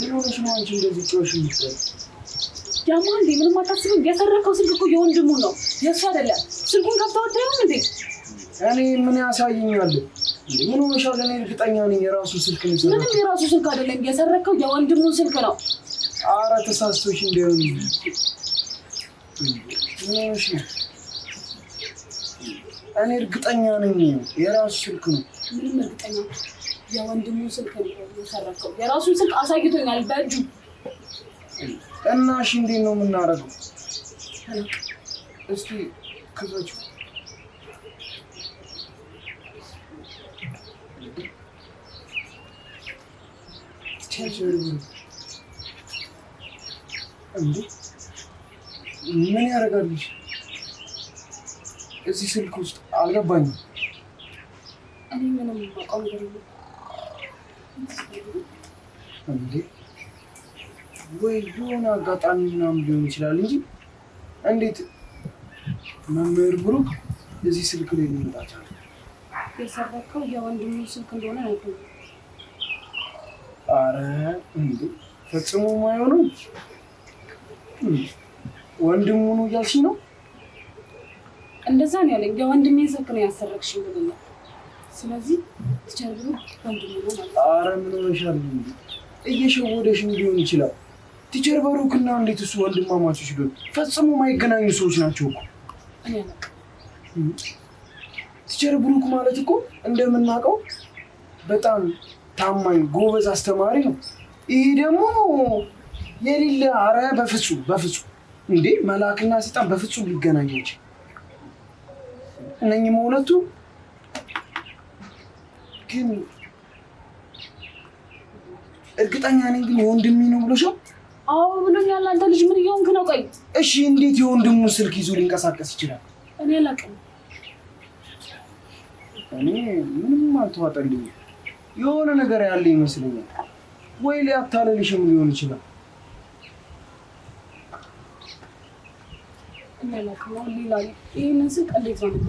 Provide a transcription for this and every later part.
ምን ነው ደግሞ እንዴ ምንም አታስብም። የሰረከው ስልክ እኮ የወንድሙ ነው የእሱ አይደለም። ስልኩን ከፍተወታየም እንዴ እኔ ምን ያሳይኛል? ምን ሆነሻል? እኔ እርግጠኛ ነኝ የራሱ ስልክ ነው። ምንም የራሱ ስልክ አይደለም። የሰረከው የወንድሙ ስልክ ነው። አረ ተሳስቶሽ እንዲሆን ምን ሆነሽ ነው? እኔ እርግጠኛ ነኝ የራሱ ስልክ ነው። ምንም እርግጠኛ የወንድሙ ስልክ የሰረከው የራሱን ስልክ አሳይቶኛል በእጁ እና እንዴት ነው የምናደርገው? እስቲ ክፈች ምን ያደርጋል? እዚህ ስልክ ውስጥ አልገባኝም። እኔ ምንም የማውቀው እንዴ ወይ የሆነ አጋጣሚ ምናምን ሊሆን ይችላል እንጂ እንዴት መምህር ብሩክ እዚህ ስልክ ላይ ሊመጣ ቻለ? የሰረቀው የወንድሙ ስልክ እንደሆነ ነው። አረ እንዴ ፈጽሞ ማይሆነው ወንድሙ ነው እያልሽ ነው? እንደዛ ነው ያለኝ። ወንድሜ ዘክ ነው ያሰረግሽኝ ብሎኛል። ስለዚህ ትቻሉ ወንድሜ ነው ማለት ነው። ኧረ ምን ሆነሻል? እየሸወደሽ ሊሆን ይችላል። ቲቸር በሩክና እንዴት እሱ ወንድማማቾች ቢሆን ፈጽሞ ማይገናኙ ሰዎች ናቸው እኮ። ቲቸር ብሩክ ማለት እኮ እንደምናውቀው በጣም ታማኝ ጎበዝ አስተማሪ ነው። ይሄ ደግሞ የሌለ ኧረ በፍጹም በፍጹም እንዴ መልአክና ሰይጣን በፍጹም ሊገናኛቸው እነኝ መሁለቱ ግን እርግጠኛ ነኝ ግን የወንድሜ ነው ብሎሻል? አዎ ብሎኛል። አንተ ልጅ ምን እየሆንክ ነው? ቆይ እሺ፣ እንዴት የወንድሙን ስልክ ይዞ ሊንቀሳቀስ ይችላል? እኔ አላውቅም። እኔ ምንም አልተዋጠልኝም። የሆነ ነገር ያለ ይመስለኛል። ወይ ሊያታለልሽም ሊሆን ይችላል ይህንን ስልክ እንዴት ነው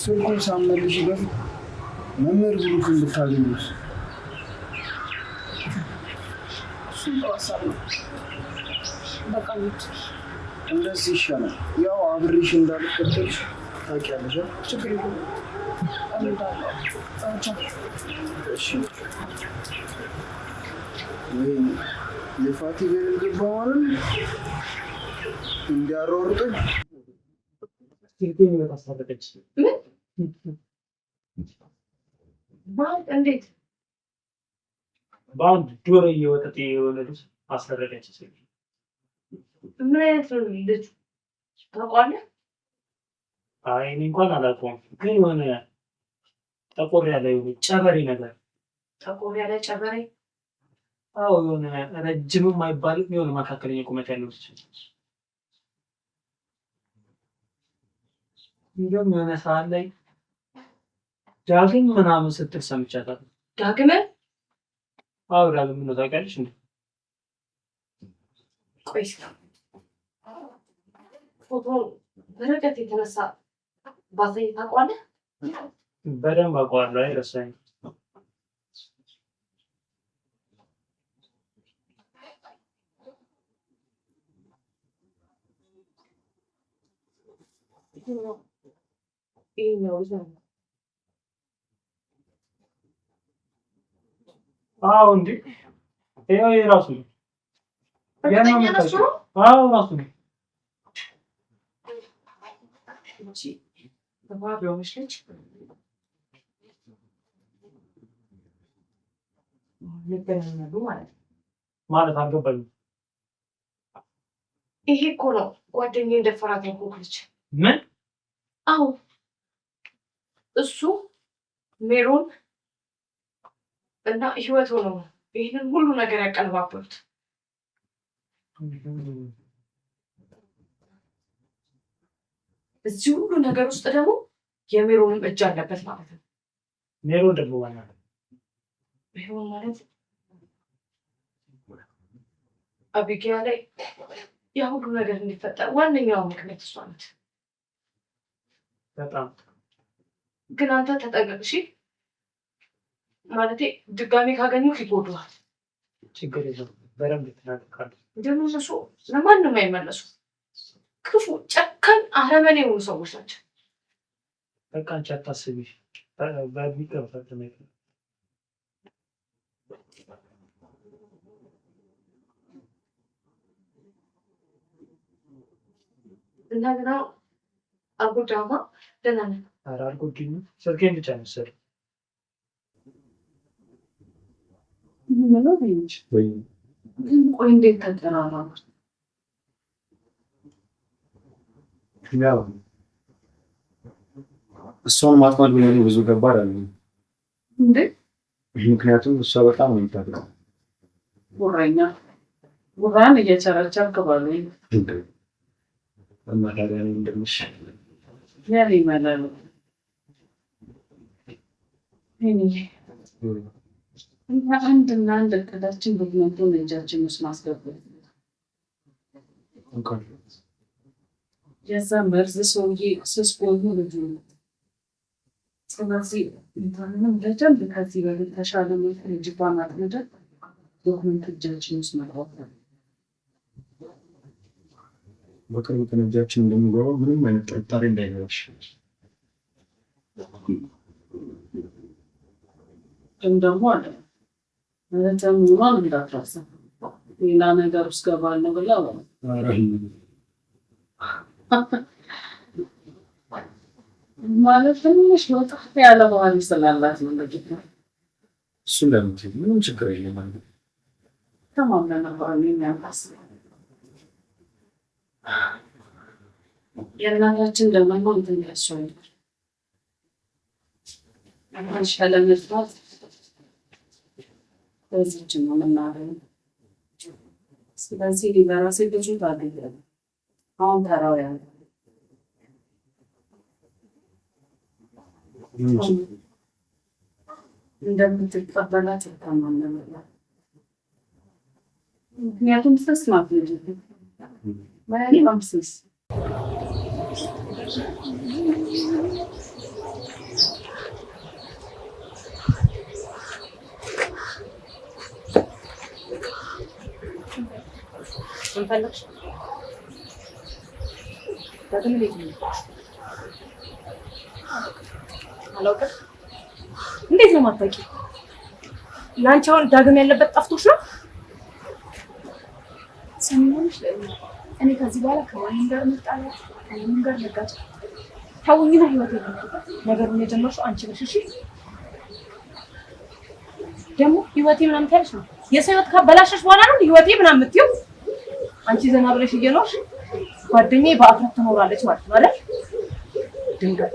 ስልኩን ሳመልሽ በፊት መምህር ብሩክ እንድታገኙት እንደዚህ ይሻላል። ያው አብሬሽ እንዳልከተልሽ ታውቂያለሽ። ችግር የለም እሺ የፋቲ ቤት በሆንም እንዲያሯሩጠኝ እንዴት በአንድ ዶሮ የወጠጤ የወለዱት አስረዳች። ምን አይነት ነው ታውቀዋለህ? አይ እኔ እንኳን አላውቀውም፣ ግን የሆነ ጠቆር ያለ ጨበሬ ነገር ጠቆር ያለ ጨበሬ አዎ የሆነ ረጅምም አይባልም፣ የሆነ መካከለኛ ቁመት ያለው ልጅ እንዲሁም የሆነ ሰዓት ላይ ዳግም ምናምን ስትል ሰምቻታለሁ። ዳግም? አዎ ዳግም ነው። ታውቂያለሽ እንዴ? ቆይ ፎቶ በርቀት የተነሳ ባሳይ ታውቀዋለህ? በደንብ አውቀዋለሁ። አይ ረሳኝ እንትን ነው ይሄኛው ብዛት ነው። አዎ እንዴ ይሄው የራሱ ነው። አዎ ራሱ ነው። ማለት አልገባኝም። ይሄ እኮ ነው ጓደኛዬ እንደፈራት ነው እኮ ልጅ አዎ እሱ ሜሮን እና ህይወቱ ነው ይህንን ሁሉ ነገር ያቀነባበሩት። እዚህ ሁሉ ነገር ውስጥ ደግሞ የሜሮንም እጅ አለበት ማለት ነው። ሜሮን ደግሞ ማለት ሜሮን ማለት አቢጊያ ላይ ያ ሁሉ ነገር እንዲፈጠር ዋነኛው ምክንያት እሷ ናት። በጣም ግን አንተ ተጠንቀቅ እሺ። ማለቴ ድጋሜ ካገኘሁ ይጎዳዋል። ችግር የለውም በደንብ ትናደቃለ። ደግሞ እነሱ ለማንም አይመለሱ ክፉ፣ ጨካኝ፣ አረመኔ የሆኑ ሰዎች ናቸው። በቃ አንቺ አታስቢ። በሚገባ ተመልክ እና አልጎዳማ ደህና ነህ? ኧረ አልጎዳኝም። ስልኬን ብቻ እንዴት እሷን ማጥማድ ቢሆን ብዙ ገባር አለ እንዴ? ምክንያቱም እሷ በጣም ነው ጉረኛ ጉራን እየቸረቸርክ በሉኝ። እና ታዲያ እንደምሽ Vereyim እኛ አንድና አንድ እቅዳችን ዶክመንቱን እጃችን ውስጥ ማስገባት የዛ መርዝ ሰውዬ ስስ ቆዩ ልጁ ነው። ስለዚህ ምንም በደንብ ከዚህ በፊት ተሻለ መልክ ልጅ ባናጥመደት ዶክመንት እጃችን ውስጥ መግባት ነው። በቅርቡ ከነጃችን እንደሚገባው ምንም አይነት ጥርጣሬ እንዳይኖርሽ። እንደሆነ እህትህን እንዳትረሳ። ሌላ ነገር ውስጥ ገባለሁ ብላ ማለት ትንሽ ወጣ ያለ ባህሪ ስላላት ነው። ለጌት እሱ ለምት ምንም ችግር የለም ተማምነን ባህሪ የሚያምራስ የእናታችን ደግሞ እንትን ያስቸዋል ሻለመጥፋት በዚች ነው የምናገኝ። ስለዚህ ሊበራሴ ብዙ ታገኛለ። አሁን ተራው ያለ እንደምትቀበላት ይታማል። ምክንያቱም ተስማት ልጅ Bayağı imamsınız. Hanımefendi. Kadın mı bekliyor? አላውቅም። እንዴት ነው ማታውቂ? ያንቺ አሁን ዳግም ያለበት ጠፍቶሽ ነው? ሰሚሆንሽ ለእኛ እኔ ከዚህ በኋላ ከማንም ጋር መጣላት ከማንም ጋር መጋጨት ታውኝና ህይወት የምንበት ነገሩን የጀመርሽው አንቺ ነሽ። እሺ ደግሞ ህይወቴ ምናምን ታያለሽ ነው የሰው ህይወት ካበላሸሽ በኋላ ነው ህይወቴ ምናምን የምትይው። አንቺ ዘና ብለሽ እየኖርሽ ጓደኛዬ በአፍራት ትኖራለች ማለት ነው አይደል? ድንገት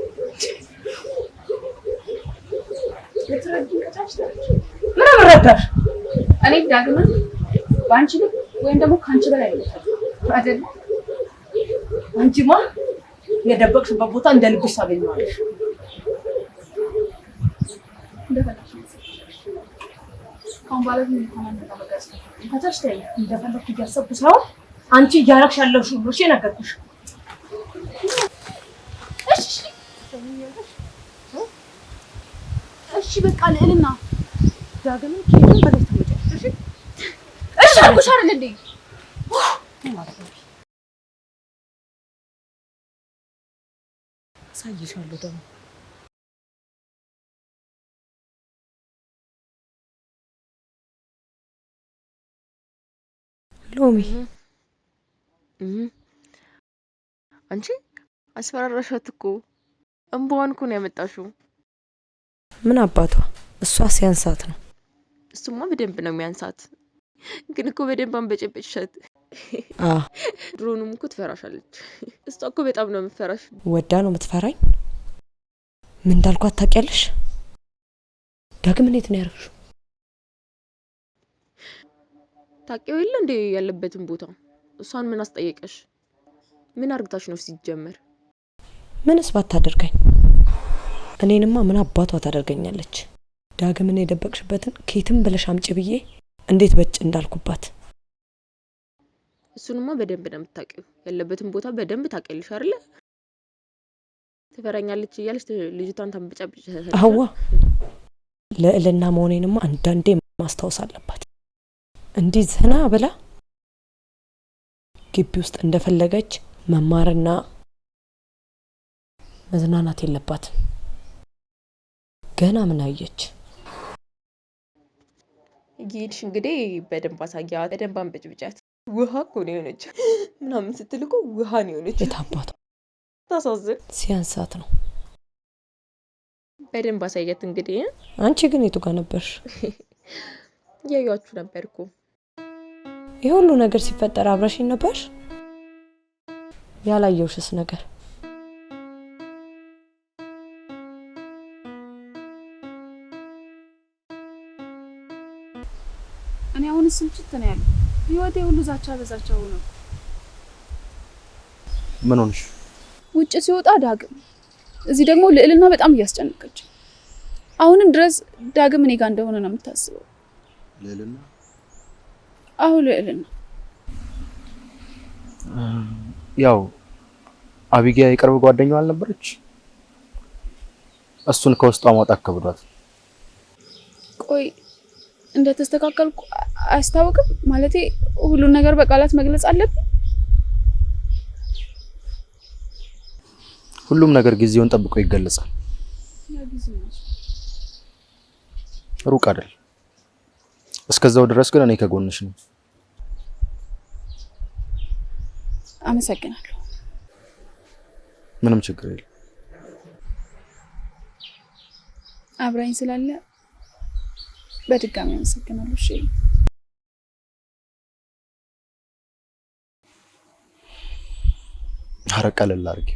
ምን ረዳሽ? እኔ ዳግምን በአንቺ ልብ ወይም ደግሞ ከአንቺ በላይ ነው አይደለ? አንቺማ የደበቅሽበት ቦታ እንደ ልብሽ ታገኘዋለሽ። እንደፈለኩ እያሰብኩ ሳይሆን አንቺ እያረግሽ ያለሽው ብሎ ነገርኩሽ። እሺ በቃ ልዕልና ዳግም ኬትን በላይ ተመጫ እሺ እሺ አልኩሽ አይደል እንዴ አሳይሻለሁ ደግሞ ሎሚ አንቺ አስፈራራሻት እኮ እንባዋን እኮ ነው ያመጣሽው። ምን አባቷ እሷ ሲያንሳት ነው። እሱማ በደንብ ነው የሚያንሳት፣ ግን እኮ በደንብ አንበጨበጭሻት። ድሮንም እኮ ትፈራሻለች። እሷ እኮ በጣም ነው የምትፈራሽ። ወዳ ነው የምትፈራኝ። ምን እንዳልኩ ታውቂያለሽ? ዳግም እንዴት ነው ያደረግሽው? ታውቂው የለ እንዴ ያለበትን ቦታ። እሷን ምን አስጠየቀሽ? ምን አርግታሽ ነው ሲጀመር? ምንስ ባታደርገኝ? እኔንማ ምን አባቷ ታደርገኛለች? ዳግምን የደበቅሽበትን ኬትም ብለሽ አምጪ ብዬ እንዴት በጭ እንዳልኩባት እሱንማ በደንብ ነው የምታውቂው። ያለበትን ቦታ በደንብ ታውቂያለሽ አይደለ? ትፈረኛለች እያለች ልጅቷን ታንበጫብጭ። አዋ ልዕልና መሆኔንማ አንዳንዴ ማስታወስ አለባት። እንዲህ ዘና ብላ ግቢ ውስጥ እንደፈለገች መማርና መዝናናት የለባትም። ገና ምን አየች? እየሄድሽ እንግዲህ በደንብ አሳያ፣ በደንብ አንብጭብጫት። ውሃ እኮ ነው የሆነች ምናምን ስትል እኮ ውሃ ነው የሆነች። የታባቱ ታሳዝን። ሲያንሳት ነው በደንብ አሳየት። እንግዲህ አንቺ ግን የቱ ጋር ነበርሽ? እያያችሁ ነበር እኮ ይህ ሁሉ ነገር ሲፈጠር አብረሽኝ ነበር። ያላየውሽስ ነገር እኔ አሁን ስልችት ነው ያለው ህይወቴ ሁሉ ዛቻ በዛቻው ነው። ምን ሆነሽ? ውጭ ሲወጣ ዳግም፣ እዚህ ደግሞ ልዕልና በጣም እያስጨነቀች፣ አሁንም ድረስ ዳግም እኔ ጋር እንደሆነ ነው የምታስበው። ልዕልና? አሁን ልዕልና። ያው አቢጊያ የቅርብ ጓደኛው አልነበረች? እሱን ከውስጧ ማውጣት ከብዷት። ቆይ እንደተስተካከልኩ አያስታውቅም? ማለቴ ሁሉን ነገር በቃላት መግለጽ አለብኝ? ሁሉም ነገር ጊዜውን ጠብቆ ይገለጻል። ሩቅ አይደል። እስከዛው ድረስ ግን እኔ ከጎንሽ ነው። አመሰግናለሁ። ምንም ችግር የለም። አብራኝ ስላለ በድጋሚ አመሰግናለሁ። እሺ ሐረግ አርጊ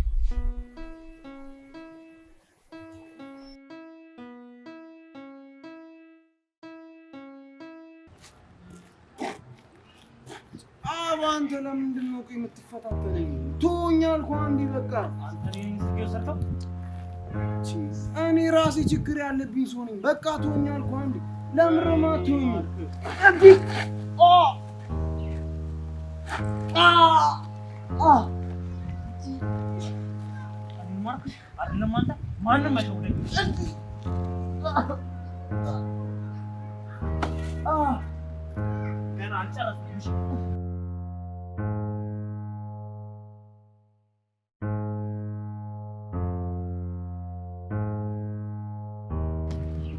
አንተ ለምንድን ነው የምትፈታተነኝ? ቶኛል እኮ አንዴ በቃ እኔ ራሴ ችግር ያለብኝ ሰው ነኝ። በቃ ቶኛል እኮ አንዴ لمرماتوني أبيك آه آه آه ማንም አይተውለኝ። ገና አልጨረስኩም።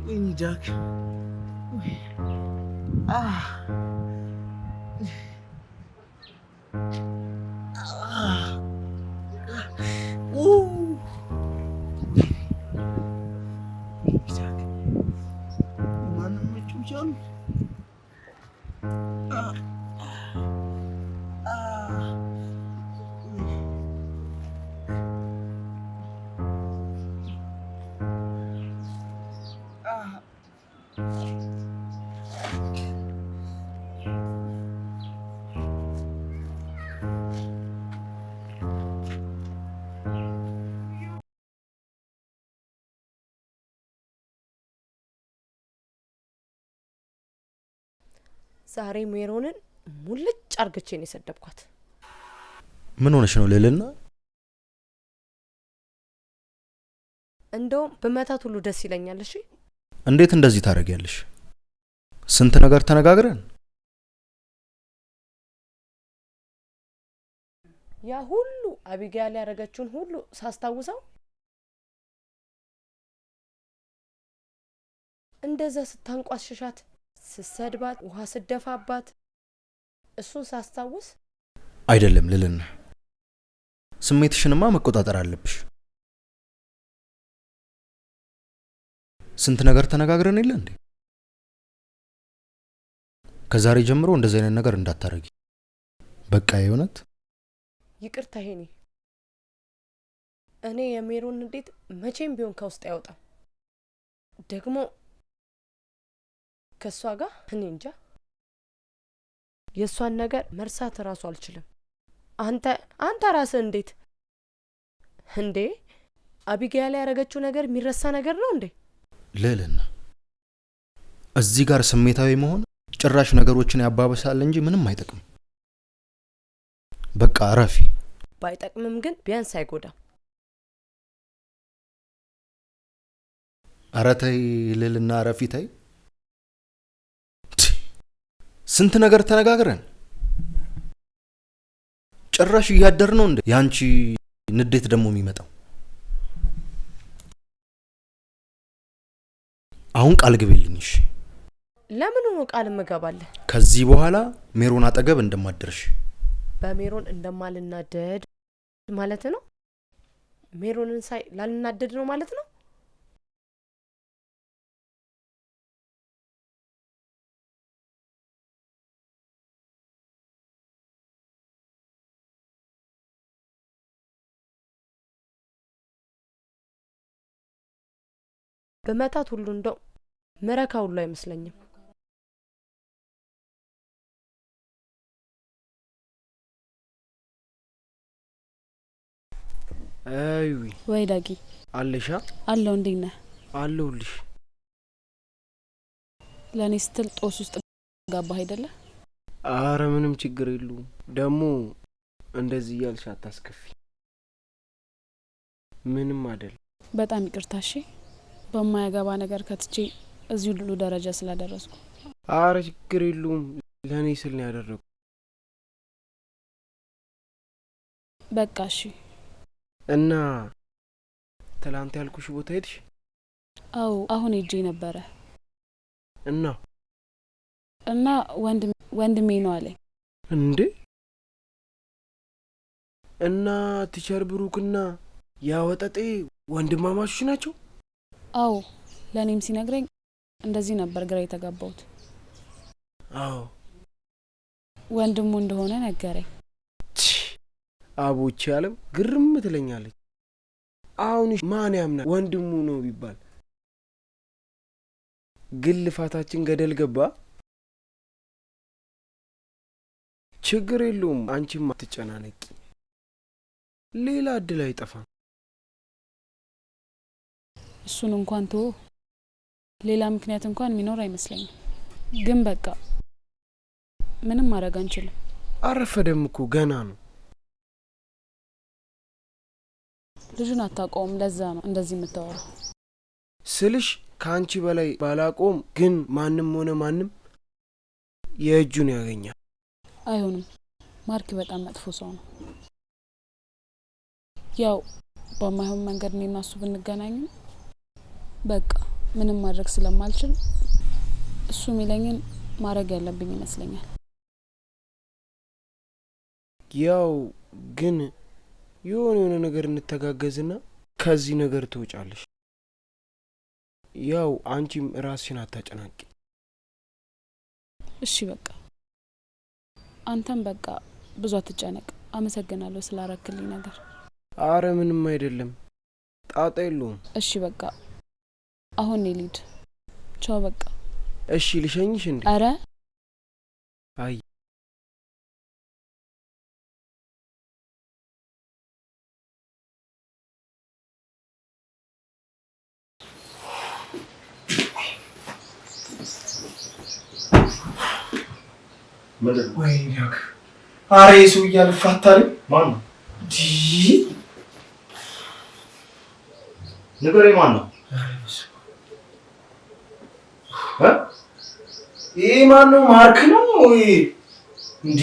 We need Duck. あ ዛሬ ሜሮንን ሙልጭ አርግቼ ነው የሰደብኳት። ምን ሆነሽ ነው ልልና እንደውም በመታት ሁሉ ደስ ይለኛል። እሺ እንዴት እንደዚህ ታደርጊያለሽ? ስንት ነገር ተነጋግረን ያ ሁሉ አቢጋያል ያደረገችውን ሁሉ ሳስታውሰው እንደዛ ስታንቋሽሻት ስሰድባት፣ ውሃ ስደፋባት እሱን ሳስታውስ አይደለም ልልን ስሜትሽንማ መቆጣጠር አለብሽ። ስንት ነገር ተነጋግረን የለ እንዴ? ከዛሬ ጀምሮ እንደዚህ አይነት ነገር እንዳታረጊ በቃ። የእውነት ይቅርታ ሄኔ። እኔ የሜሮን እንዴት መቼም ቢሆን ከውስጥ አይወጣም ደግሞ ከእሷ ጋር እኔ እንጃ። የእሷን ነገር መርሳት እራሱ አልችልም። አንተ አንተ ራስህ እንዴት እንዴ! አቢጊያል ያደረገችው ነገር የሚረሳ ነገር ነው እንዴ? ልዕልና፣ እዚህ ጋር ስሜታዊ መሆን ጭራሽ ነገሮችን ያባበሳል እንጂ ምንም አይጠቅም። በቃ እረፊ። ባይጠቅምም ግን ቢያንስ አይጎዳም። ኧረ ተይ ልዕልና፣ እረፊ ተይ። ስንት ነገር ተነጋግረን ጭራሽ እያደር ነው እንዴ? የአንቺ ንዴት ደግሞ የሚመጣው አሁን ቃል ግቤልኝ። እሺ? ለምን ሆኖ ቃል እምገባለህ? ከዚህ በኋላ ሜሮን አጠገብ እንደማደርሽ። በሜሮን እንደማልናደድ ማለት ነው? ሜሮንን ሳይ ላልናደድ ነው ማለት ነው? በመታት ሁሉ እንደው መረካ ሁሉ አይመስለኝም። አይዊ ወይ ዳጊ አለሻ አለው። እንዴት ነህ? አለሁልሽ። ለእኔ ስትል ጦስ ውስጥ ጋባህ አይደለ? አረ ምንም ችግር የለውም። ደግሞ እንደዚህ እያልሽ አታስከፊ። ምንም አይደለም። በጣም ይቅርታ እሺ። በማያገባ ነገር ከትቼ እዚህ ሁሉ ደረጃ ስላደረስኩ። አረ ችግር የለውም ለእኔ ስል ነው ያደረጉ። በቃ እሺ። እና ትላንት ያልኩሽ ቦታ ሄድሽ? አው አሁን ሄጄ ነበረ። እና እና ወንድሜ ነው አለኝ። እንዴ እና ቲቸር ብሩክና ያ ወጠጤ ወንድማማቾች ናቸው? አዎ ለእኔም ሲነግረኝ እንደዚህ ነበር ግራ የተጋባሁት። አዎ ወንድሙ እንደሆነ ነገረኝ። አቦቼ አለም ግርም ትለኛለች። አሁን ማን ያምናል ወንድሙ ነው ቢባል? ግን ልፋታችን ገደል ገባ። ችግር የለውም አንቺም አትጨናነቂ፣ ሌላ እድል አይጠፋም። እሱን እንኳን ትሆ ሌላ ምክንያት እንኳን የሚኖር አይመስለኝም። ግን በቃ ምንም ማድረግ አንችልም። አረፈደም እኮ ገና ነው። ልጁን አታውቀውም። ለዛ ነው እንደዚህ የምታወራው ስልሽ ከአንቺ በላይ ባላቆም፣ ግን ማንም ሆነ ማንም የእጁን ያገኛል። አይሆንም። ማርክ በጣም መጥፎ ሰው ነው። ያው በማይሆን መንገድ እኔና እሱ ብንገናኙ በቃ ምንም ማድረግ ስለማልችል እሱ የሚለኝን ማድረግ ያለብኝ ይመስለኛል። ያው ግን የሆነ የሆነ ነገር እንተጋገዝና ከዚህ ነገር ትውጫለሽ። ያው አንቺም ራስሽን አታጨናቂ። እሺ በቃ አንተም በቃ ብዙ አትጨነቅ። አመሰግናለሁ ስላረክልኝ ነገር። አረ ምንም አይደለም፣ ጣጣ የለውም። እሺ በቃ አሁን ሊድ ቻው በቃ። እሺ ልሸኝሽ እንዴ? አረ አይ አሬ ማን ነው ንገረኝ፣ ማን ነው ይህ ማነው? ማርክ ነው እንዴ?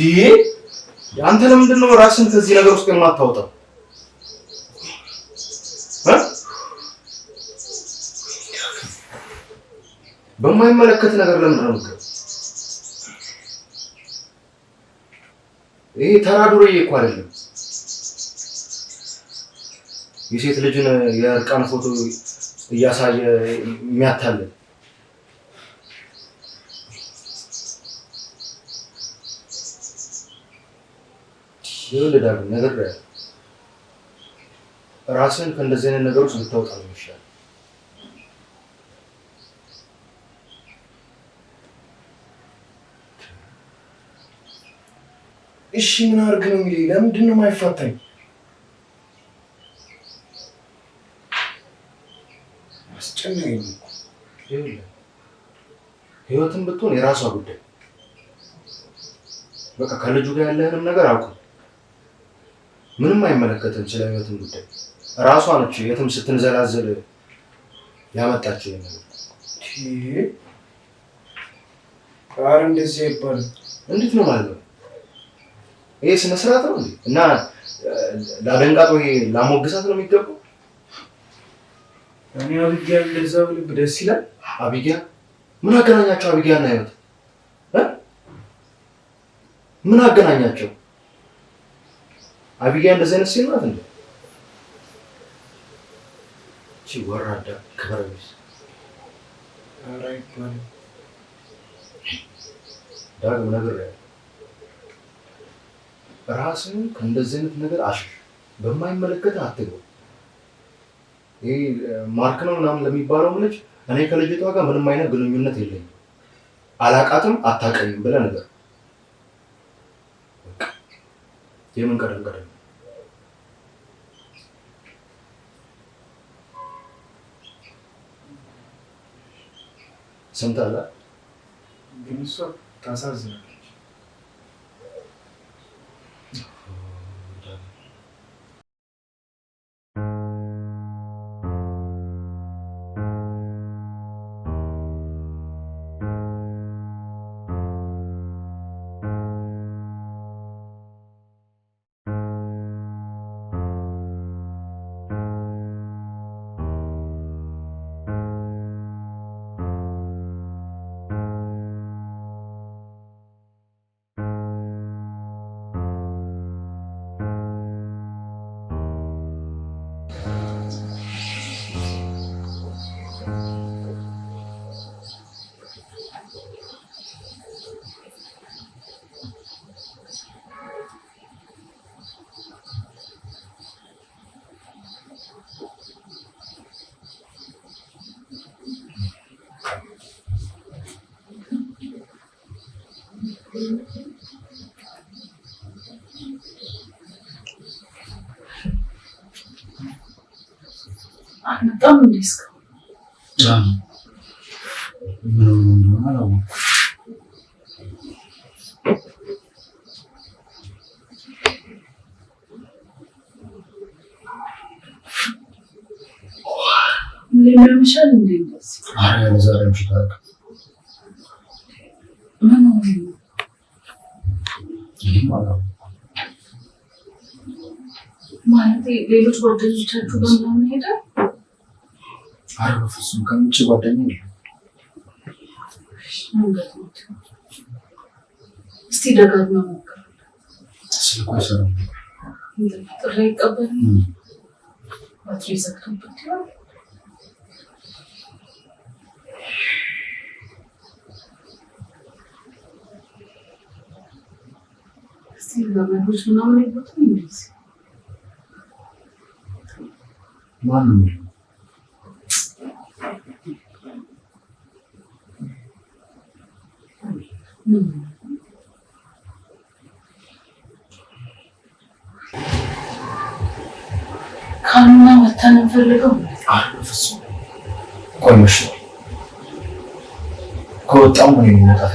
አንተ ለምንድን ነው ራስን ከዚህ ነገር ውስጥ የማታወጣው? በማይመለከት ነገር ለምንድን ነው ይሄ ተራድሮ እኮ አይደለም። የሴት ልጅን የእርቃን ፎቶ እያሳየ የሚያታለን ይኸውልህ ዳግም ነገር ራስን ከእንደዚህ አይነት ነገሮች ልታወጣ ነው የሚሻለው። እሺ ምን አድርግ ነው የሚለኝ? ለምንድን ነው የማይፋታኝ? አስጨናኝ ህይወትን ብትሆን የራሷ ጉዳይ በቃ ከልጁ ጋር ያለህንም ነገር አውቁ ምንም አይመለከትም። ስለ ህይወትም ጉዳይ ራሷ ነች የትም ስትንዘላዘል ያመጣችው ኧረ እንደዚህ ይባል እንዴት ነው ማለት ነው? ይሄ ስነ ስርዓት ነው እንዴ? እና ላደንቃት ወይ ላሞግሳት ነው የሚገባው? እኔ አብጊያ እንደዛ ልብ ደስ ይላል። አብጊያ ምን አገናኛቸው? አብጊያ እና ህይወት ምን አገናኛቸው? አብያ እንደዚህ አይነት ሴት ናት እንዴ? እቺ ወራዳ ከረብስ ዳግም ነገር ያለ ራስን ከእንደዚህ አይነት ነገር አሽ በማይመለከት አትገው። ይህ ማርክ ነው ምናምን ለሚባለው ልጅ እኔ ከልጅቷ ጋር ምንም አይነት ግንኙነት የለኝም፣ አላቃትም፣ አታቀኝም ብለህ ነገር የምን ቀደም ቀደም సొంత በጣም እስከ ለምሻል እንዴ እንደዚህ አረ ዛሬ ምሽታል ምን ነው ማለት ሌሎች ጓደኞቻችሁ በምናምን ሄዳል አረ በፍጹም ከምጭ ጓደኛ እስቲ ደጋግማ ሞክር። ስልኩ አይሰራም። ጥሪ አይቀበልም። ባትሪ ዘግቶበት ይሆን? ማንም ካሉና መታን እንፈልገው ቆይመሽ ከወጣም ወይ መውጣት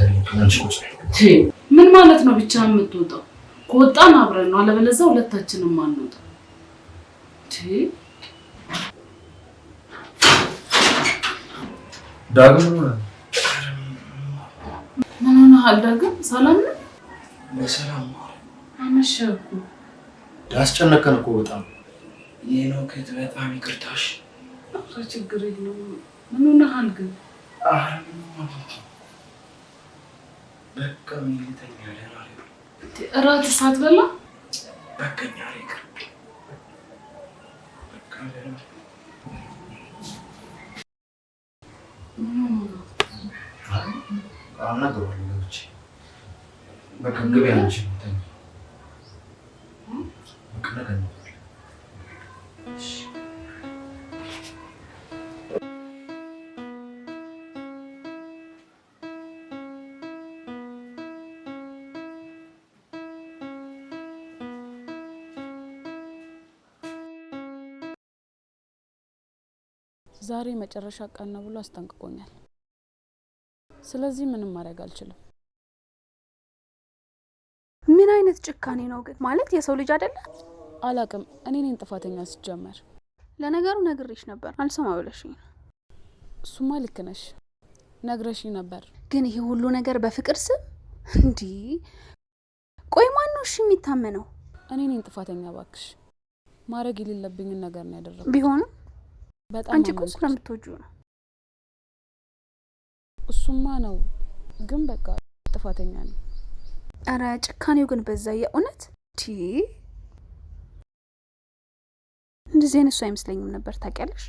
ምን ማለት ነው? ብቻ የምትወጣው ከወጣን አብረን ነው፣ አለበለዚያ ሁለታችንም አንወጣም። ዳግም ምን ሆነሃል? ዳግም ሰላም ነው? በሰላም ነው። ዳስጨነቀን እኮ በጣም በጣም ይቅርታሽ። ችግር የለውም። ምን ሆነሃል ግን? በቃ እራት ሳትበላ በቃ 아, 안 나도 그렇지. 나 감금이 안 치면 ዛሬ የመጨረሻ ቀን ነው ብሎ አስጠንቅቆኛል። ስለዚህ ምንም ማድረግ አልችልም። ምን አይነት ጭካኔ ነው ግን? ማለት የሰው ልጅ አይደለ? አላቅም። እኔ ነኝ ጥፋተኛ ስጀመር። ለነገሩ ነግሬሽ ነበር፣ አልሰማ ብለሽኝ ነው። እሱማ ልክ ነሽ፣ ነግረሽኝ ነበር። ግን ይሄ ሁሉ ነገር በፍቅር ስም እንዲህ። ቆይ ማን ነው እሺ የሚታመነው? እኔ ነኝ ጥፋተኛ ባክሽ። ማድረግ የሌለብኝን ነገር ነው ያደረግ ቢሆንም አንቺ እኮ ስለምትወጂው ነው። እሱማ ነው፣ ግን በቃ ጥፋተኛ ነው። አረ ጭካኔው ግን በዛ። የእውነት ቲ እንደዚህ አይነት እሱ አይመስለኝም ነበር። ታውቂያለሽ፣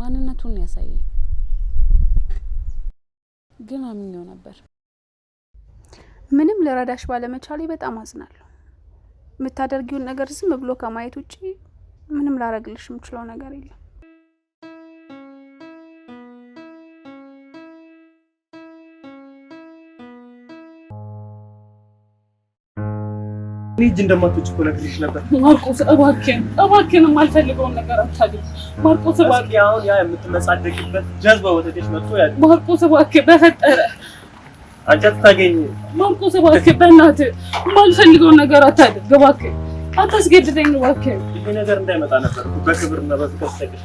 ማንነቱን ያሳየ ግን አምኜው ነበር። ምንም ልረዳሽ ባለመቻሌ በጣም አዝናለሁ። የምታደርጊውን ነገር ዝም ብሎ ከማየት ውጪ ምንም ላረግልሽ የምችለው ነገር የለም። እኔ እጅ እንደማትወጪ እኮ ነግሬሽ ነበር ማርቆስ። እባክህን እባክህን የማልፈልገውን ነገር አታድርግ ማርቆስ። እባክህ አሁን ያ የምትመጻደቅበት ጀዝባ ወተቴሽ መጥቶ ያ ማርቆስ፣ እባክህ በፈጠረ አንቺ አትታገኝ ማርቆስ። እባክህ በእናትህ የማልፈልገውን ነገር አታድርግ እባክህ፣ አታስገድደኝ እባክህ። ይሄ ነገር እንዳይመጣ ነበር በክብርና በፍቅር ተቀሽ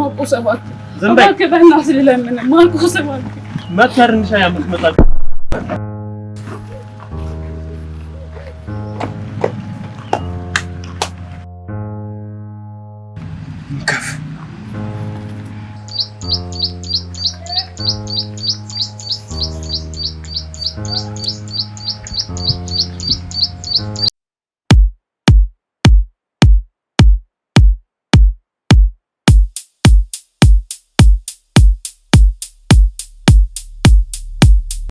ማርቆስ፣ እባክህ እባክህ፣ በእናትህ ልለምንህ ማርቆስ፣ እባክህ መታርንሻ ያምት መጣ